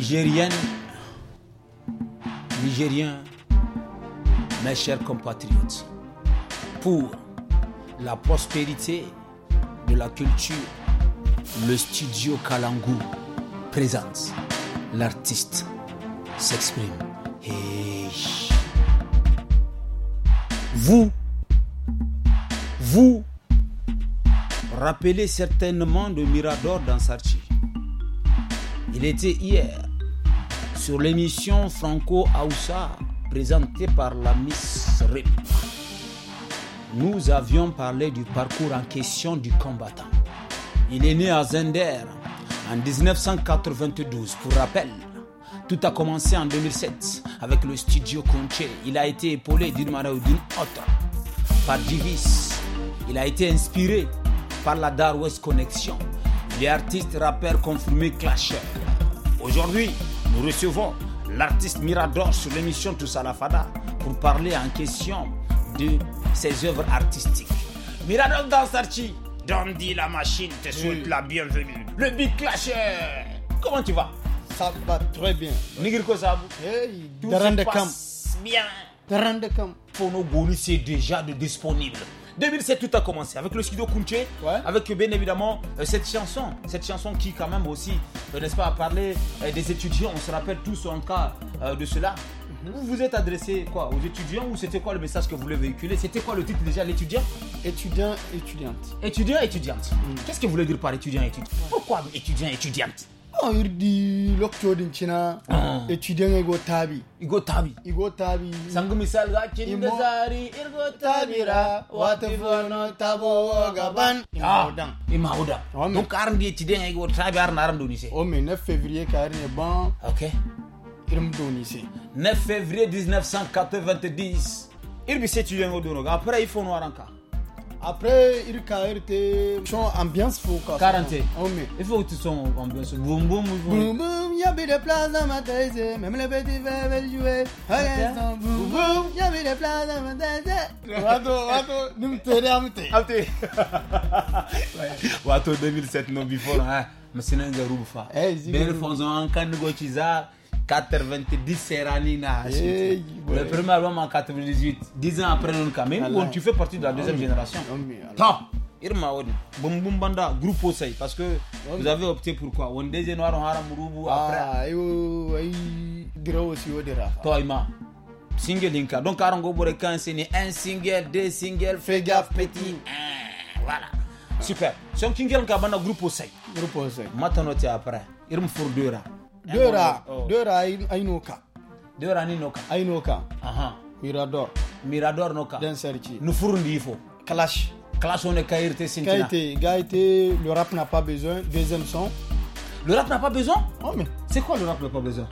Nigérien, nigérien, mes chers compatriotes, pour la prospérité de la culture, le studio Kalangu présente l'artiste s'exprime. et Vous, vous rappelez certainement de Mirador dans Sarchi. Il était hier sur l'émission Franco Aoussa présentée par la Miss RIP. Nous avions parlé du parcours en question du combattant. Il est né à Zender en 1992. Pour rappel, tout a commencé en 2007 avec le studio Conche. Il a été épaulé d'une manière ou d'une autre par Divis. Il a été inspiré par la Dar West Connection, les artistes rappeurs confirmés Clash. Aujourd'hui, nous recevons l'artiste Mirador sur l'émission Tous à la Fada pour parler en question de ses œuvres artistiques. Mirador Dansarchi, Dandy la machine te souhaite la bienvenue. Le Big Clasher, comment tu vas Ça va très bien. Nigirko Sabu, tout se passe bien. Pour nos bonus, c'est déjà de disponible. 2007, tout a commencé avec le studio Kunche, avec bien évidemment euh, cette chanson, cette chanson qui quand même aussi, euh, n'est-ce pas, a parlé euh, des étudiants. On se rappelle tous en cas de cela. Mhm. Vous vous êtes adressé quoi aux étudiants ou c'était quoi le message que vous voulez véhiculer C'était quoi le titre déjà l'étudiant Étudiant, étudiante. Étudiant, étudiante. Mhm. Qu'est-ce que vous voulez dire par étudiant, étudiante Pourquoi étudiant, étudiante wirdi lokcodin cina etuden igo e tabi igo e tabi igo e tabi sangu misal ga cin da zari irgo tabira wati fono tabo gaban imaudan imaudan donc aran di etuden igo tabi aran aran doni se o me 9 février karin e bon ok irim doni se 9 février 1990 irbi se etuden igo dono après il faut no aranka Après, il a Son ambiance fou, 40. Il faut que tu sois ambiance. Boum, boum, boum. Boum, il y des place dans ma tête. Même les petits veulent jouer. boum, boum, y des place dans ma tête. Wato, wato, nous Wato 2007, non, hein. 90 Serranina. Yeah, yeah. le premier album en 98, 10 ans après Nonka. Mais tu fais partie de la deuxième ah génération. Ah Top Irma Wadi, Boum Banda, groupe Osei, parce que ah vous avez opté pour quoi On désire Noir, on haram, Rubu, après. aussi, Toi, Ima. Single Inka. Donc, Arango Borekan, c'est un single, deux singles, fais gaffe, petit. Voilà. Super. Si on Kingel Kabana, groupe Osei. Groupe Osei. Maintenant, tu après. Irma Fourdura dora dora oh. ainoka dera ni noka ainoka aha mirador mirador noka den serci no furundi clash clash on est kairte sintina kairte gaite le rap n'a pas besoin deuxième son le rap n'a pas besoin oh mais c'est quoi le rap n'a pas besoin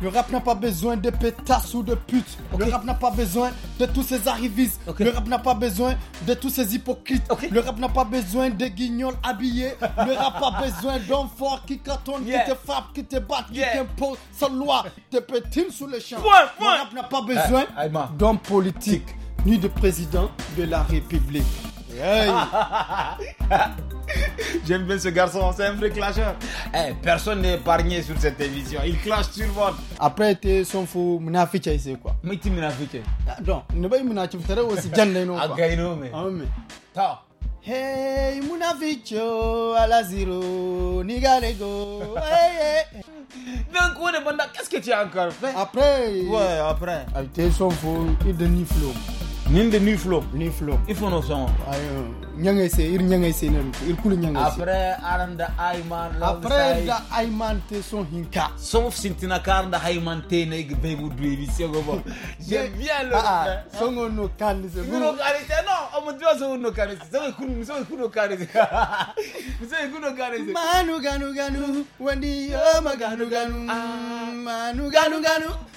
le rap n'a pas besoin de pétasses ou de putes. Le rap n'a pas besoin de tous ces arrivistes. Le rap n'a pas besoin de tous ces hypocrites. Le rap n'a pas besoin de guignols habillés. le rap n'a pas besoin d'hommes forts qui cartonnent, qui te frappent, qui te battent, qui t'imposent Sa loi, te pétine sous les champs. Le rap n'a pas besoin eh, d'hommes politiques ni de président de la République. J'aime bien ce garçon, c'est un vrai clasheur. Hey, eh, personne n'est épargné sur cette émission. Il clash sur votre. Après, tu son fou, munafiche c'est quoi. Mais tu munafiche. Ah, non, ne pas munafiche, tu aussi jandé non. Againo mais. Ah mais. Ta. Hey, munaficho la zero, nigalego. Hey, hey. Donc, on est bon, qu'est-ce que tu as encore fait Après. Ouais, après. Tu ah, t'es son fou, il est ni ninde ni flow ni flow ifono son ayo nyangay se ir nyangay se nan ir kulu nyangay se après aranda ayman après da ayman te son hinka sauf sintina karanda ayman te ne be bu dwevi se go bo j'ai bien le ah, ah hein? songo no kanise bu no kanise non on me dit songo no kanise songo kulu songo kulu kanise songo kulu kanise manu ganu ganu wandi yo maganu ganu ah. manu ganu ganu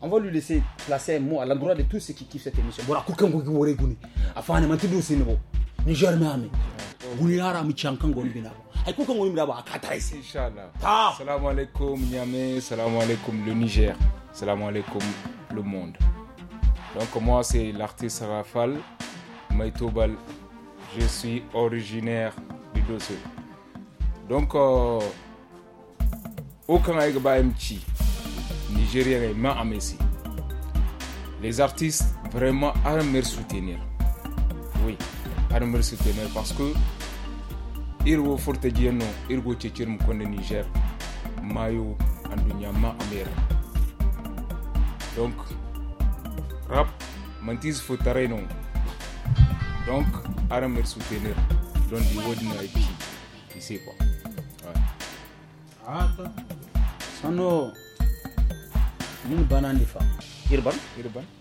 on va lui laisser placer un mot à l'endroit de tous ceux qui kiffent cette émission. Voilà, kukan gogi wore guni. Afane mantidu sinbo. Niger mami. Guni ara mi chankan goni bina. Ay kukan goni bina Inshallah. Ta. Salam alaykum, Niamey, salam alaikum le Niger, salam alaikum le monde. Donc moi c'est l'artiste Rafal Maitobal Je suis originaire du dossier. Donc euh, pas aigba mchi. Les artistes, vraiment, à me soutenir. Oui, à me soutenir parce que il faut forte dire non, il faut Niger, mayo, Donc, rap, mantis faut non. Donc, à me soutenir. Donc, the word night Tu quoi. min banandi fa irban irban